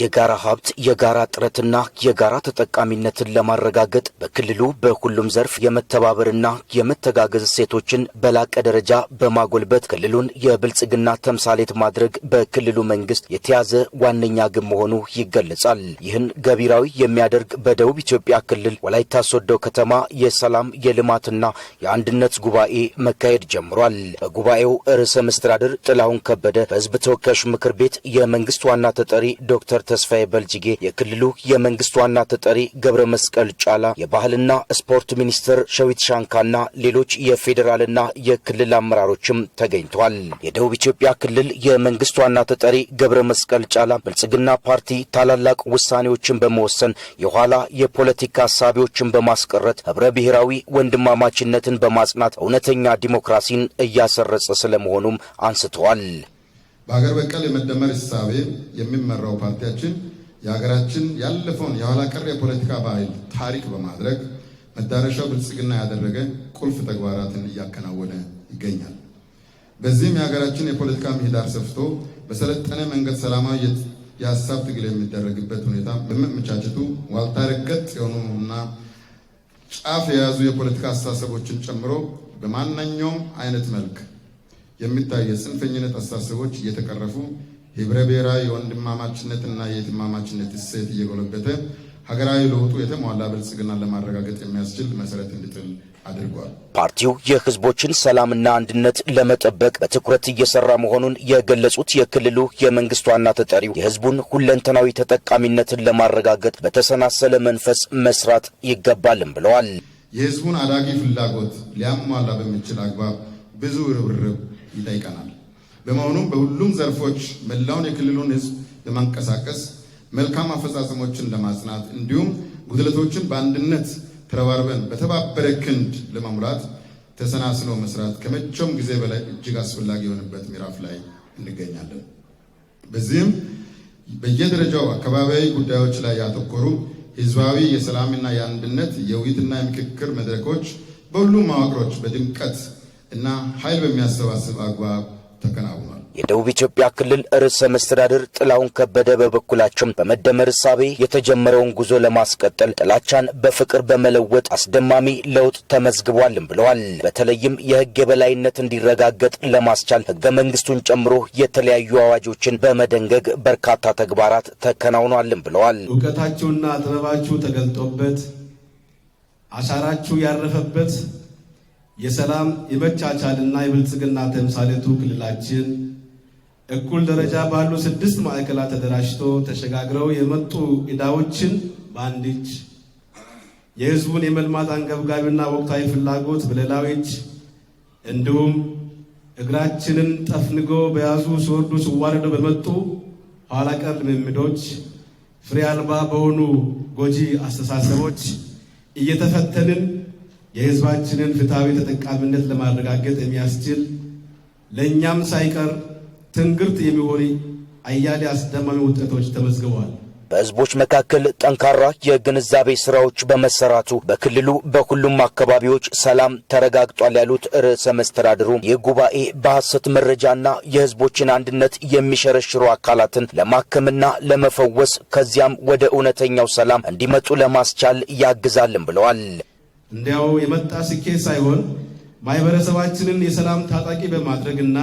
የጋራ ሀብት፣ የጋራ ጥረትና የጋራ ተጠቃሚነትን ለማረጋገጥ በክልሉ በሁሉም ዘርፍ የመተባበርና የመተጋገዝ እሴቶችን በላቀ ደረጃ በማጎልበት ክልሉን የብልጽግና ተምሳሌት ማድረግ በክልሉ መንግስት የተያዘ ዋነኛ ግብ መሆኑ ይገለጻል። ይህን ገቢራዊ የሚያደርግ በደቡብ ኢትዮጵያ ክልል ወላይታ ሶዶ ከተማ የሰላም የልማትና የአንድነት ጉባኤ መካሄድ ጀምሯል። በጉባኤው ርዕሰ መስተዳድር ጥላሁን ከበደ በህዝብ ተወካዮች ምክር ቤት የመንግስት ዋና ተጠሪ ዶክተር ተስፋዬ በልጅጌ፣ የክልሉ የመንግስት ዋና ተጠሪ ገብረ መስቀል ጫላ፣ የባህልና ስፖርት ሚኒስትር ሸዊት ሻንካና ሌሎች የፌዴራልና የክልል አመራሮችም ተገኝተዋል። የደቡብ ኢትዮጵያ ክልል የመንግስት ዋና ተጠሪ ገብረ መስቀል ጫላ ብልጽግና ፓርቲ ታላላቅ ውሳኔዎችን በመወሰን የኋላ የፖለቲካ ሀሳቢዎችን በማስቀረት ህብረ ብሔራዊ ወንድማማችነትን በማጽናት እውነተኛ ዲሞክራሲን እያሰረጸ ስለመሆኑም አንስተዋል። በሀገር በቀል የመደመር እሳቤ የሚመራው ፓርቲያችን የሀገራችን ያለፈውን የኋላ ቀር የፖለቲካ ባህል ታሪክ በማድረግ መዳረሻው ብልጽግና ያደረገ ቁልፍ ተግባራትን እያከናወነ ይገኛል። በዚህም የሀገራችን የፖለቲካ ምህዳር ሰፍቶ በሰለጠነ መንገድ ሰላማዊ የሀሳብ ትግል የሚደረግበት ሁኔታ በመመቻቸቱ ዋልታ ረገጥ የሆኑና ጫፍ የያዙ የፖለቲካ አስተሳሰቦችን ጨምሮ በማንኛውም አይነት መልክ የሚታዩ የስንፈኝነት አስተሳሰቦች እየተቀረፉ ህብረ ብሔራዊ የወንድማማችነትና የትማማችነት እሴት እየጎለበተ ሀገራዊ ለውጡ የተሟላ ብልጽግና ለማረጋገጥ የሚያስችል መሰረት እንዲጥል አድርጓል። ፓርቲው የህዝቦችን ሰላምና አንድነት ለመጠበቅ በትኩረት እየሰራ መሆኑን የገለጹት የክልሉ የመንግስት ዋና ተጠሪው የህዝቡን ሁለንተናዊ ተጠቃሚነትን ለማረጋገጥ በተሰናሰለ መንፈስ መስራት ይገባልም ብለዋል። የህዝቡን አዳጊ ፍላጎት ሊያሟላ በሚችል አግባብ ብዙ ርብርብ ይጠይቀናል። በመሆኑም በሁሉም ዘርፎች መላውን የክልሉን ህዝብ ለማንቀሳቀስ መልካም አፈጻጸሞችን ለማጽናት እንዲሁም ጉድለቶችን በአንድነት ተረባርበን በተባበረ ክንድ ለመሙላት ተሰናስኖ መስራት ከመቼውም ጊዜ በላይ እጅግ አስፈላጊ የሆነበት ምዕራፍ ላይ እንገኛለን። በዚህም በየደረጃው አካባቢያዊ ጉዳዮች ላይ ያተኮሩ ህዝባዊ የሰላምና የአንድነት የውይይትና የምክክር መድረኮች በሁሉም መዋቅሮች በድምቀት እና ኃይል በሚያሰባስብ አግባብ ተከናውኗል። የደቡብ ኢትዮጵያ ክልል ርዕሰ መስተዳድር ጥላሁን ከበደ በበኩላቸው በመደመር እሳቤ የተጀመረውን ጉዞ ለማስቀጠል ጥላቻን በፍቅር በመለወጥ አስደማሚ ለውጥ ተመዝግቧልም ብለዋል። በተለይም የህግ የበላይነት እንዲረጋገጥ ለማስቻል ህገ መንግስቱን ጨምሮ የተለያዩ አዋጆችን በመደንገግ በርካታ ተግባራት ተከናውኗልም ብለዋል። እውቀታችሁና ጥበባችሁ ተገልጦበት አሻራችሁ ያረፈበት የሰላም የመቻቻልና የብልጽግና ተምሳሌቱ ክልላችን እኩል ደረጃ ባሉ ስድስት ማዕከላት ተደራጅቶ ተሸጋግረው የመጡ ዕዳዎችን በአንድ እጅ የሕዝቡን የመልማት አንገብጋቢና ወቅታዊ ፍላጎት በሌላው እጅ እንዲሁም እግራችንን ጠፍንጎ በያዙ ሲወርዱ ሲዋረዱ በመጡ ኋላቀር ልምምዶች፣ ፍሬ አልባ በሆኑ ጎጂ አስተሳሰቦች እየተፈተንን የህዝባችንን ፍትሐዊ ተጠቃሚነት ለማረጋገጥ የሚያስችል ለእኛም ሳይቀር ትንግርት የሚሆን አያሌ አስደማሚ ውጤቶች ተመዝግበዋል። በህዝቦች መካከል ጠንካራ የግንዛቤ ስራዎች በመሰራቱ በክልሉ በሁሉም አካባቢዎች ሰላም ተረጋግጧል ያሉት ርዕሰ መስተዳድሩ ይህ ጉባኤ በሐሰት መረጃና የህዝቦችን አንድነት የሚሸረሽሩ አካላትን ለማከምና ለመፈወስ ከዚያም ወደ እውነተኛው ሰላም እንዲመጡ ለማስቻል ያግዛልን ብለዋል። እንዲያው የመጣ ስኬት ሳይሆን ማህበረሰባችንን የሰላም ታጣቂ በማድረግና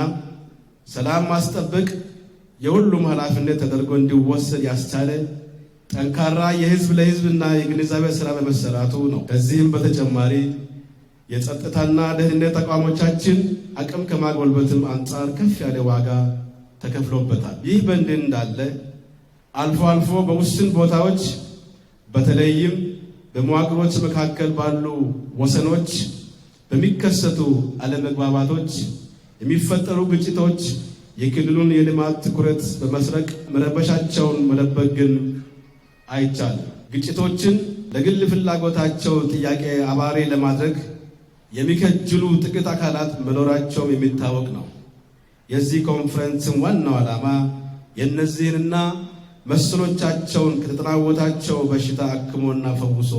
ሰላም ማስጠበቅ የሁሉም ኃላፊነት ተደርጎ እንዲወሰድ ያስቻለ ጠንካራ የህዝብ ለህዝብና የግንዛቤ ስራ በመሰራቱ ነው። ከዚህም በተጨማሪ የጸጥታና ደህንነት ተቋሞቻችን አቅም ከማጎልበትም አንጻር ከፍ ያለ ዋጋ ተከፍሎበታል። ይህ በእንዲህ እንዳለ አልፎ አልፎ በውስን ቦታዎች በተለይም በመዋቅሮች መካከል ባሉ ወሰኖች በሚከሰቱ አለመግባባቶች የሚፈጠሩ ግጭቶች የክልሉን የልማት ትኩረት በመስረቅ መረበሻቸውን መደበቅ ግን አይቻልም። ግጭቶችን ለግል ፍላጎታቸው ጥያቄ አባሪ ለማድረግ የሚከጅሉ ጥቂት አካላት መኖራቸውም የሚታወቅ ነው። የዚህ ኮንፈረንስም ዋናው ዓላማ የእነዚህንና መሰሎቻቸውን ከተጠናወታቸው በሽታ አክሞና ፈውሶ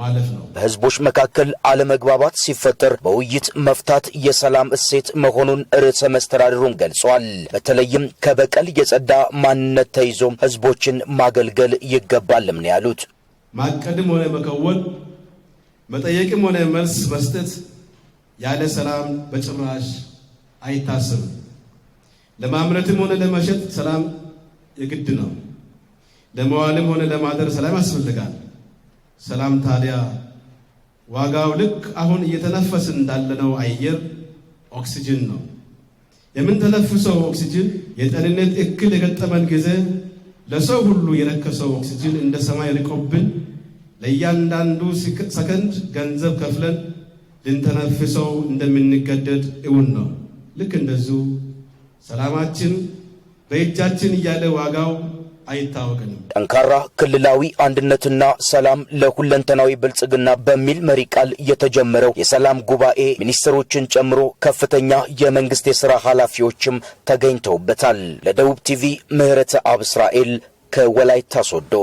ማለት ነው። በህዝቦች መካከል አለመግባባት ሲፈጠር በውይይት መፍታት የሰላም እሴት መሆኑን ርዕሰ መስተዳድሩን ገልጿል። በተለይም ከበቀል የጸዳ ማንነት ተይዞ ህዝቦችን ማገልገል ይገባልም ነው ያሉት። ማቀድም ሆነ መከወን፣ መጠየቅም ሆነ መልስ መስጠት ያለ ሰላም በጭራሽ አይታሰብም። ለማምረትም ሆነ ለመሸጥ ሰላም የግድ ነው። ለመዋልም ሆነ ለማደር ሰላም ያስፈልጋል። ሰላም ታዲያ ዋጋው ልክ አሁን እየተነፈስን እንዳለነው አየር ኦክሲጅን ነው። የምንተነፍሰው ኦክሲጅን የጤንነት እክል የገጠመን ጊዜ ለሰው ሁሉ የረከሰው ኦክሲጅን እንደ ሰማይ ርቆብን ለእያንዳንዱ ሰከንድ ገንዘብ ከፍለን ልንተነፍሰው እንደምንገደድ እውን ነው። ልክ እንደዚሁ ሰላማችን በእጃችን እያለ ዋጋው አይታወቅንም። ጠንካራ ክልላዊ አንድነትና ሰላም ለሁለንተናዊ ብልጽግና በሚል መሪ ቃል የተጀመረው የሰላም ጉባኤ ሚኒስትሮችን ጨምሮ ከፍተኛ የመንግስት የስራ ኃላፊዎችም ተገኝተውበታል። ለደቡብ ቲቪ ምህረተ አብ እስራኤል ከወላይታ ሶዶ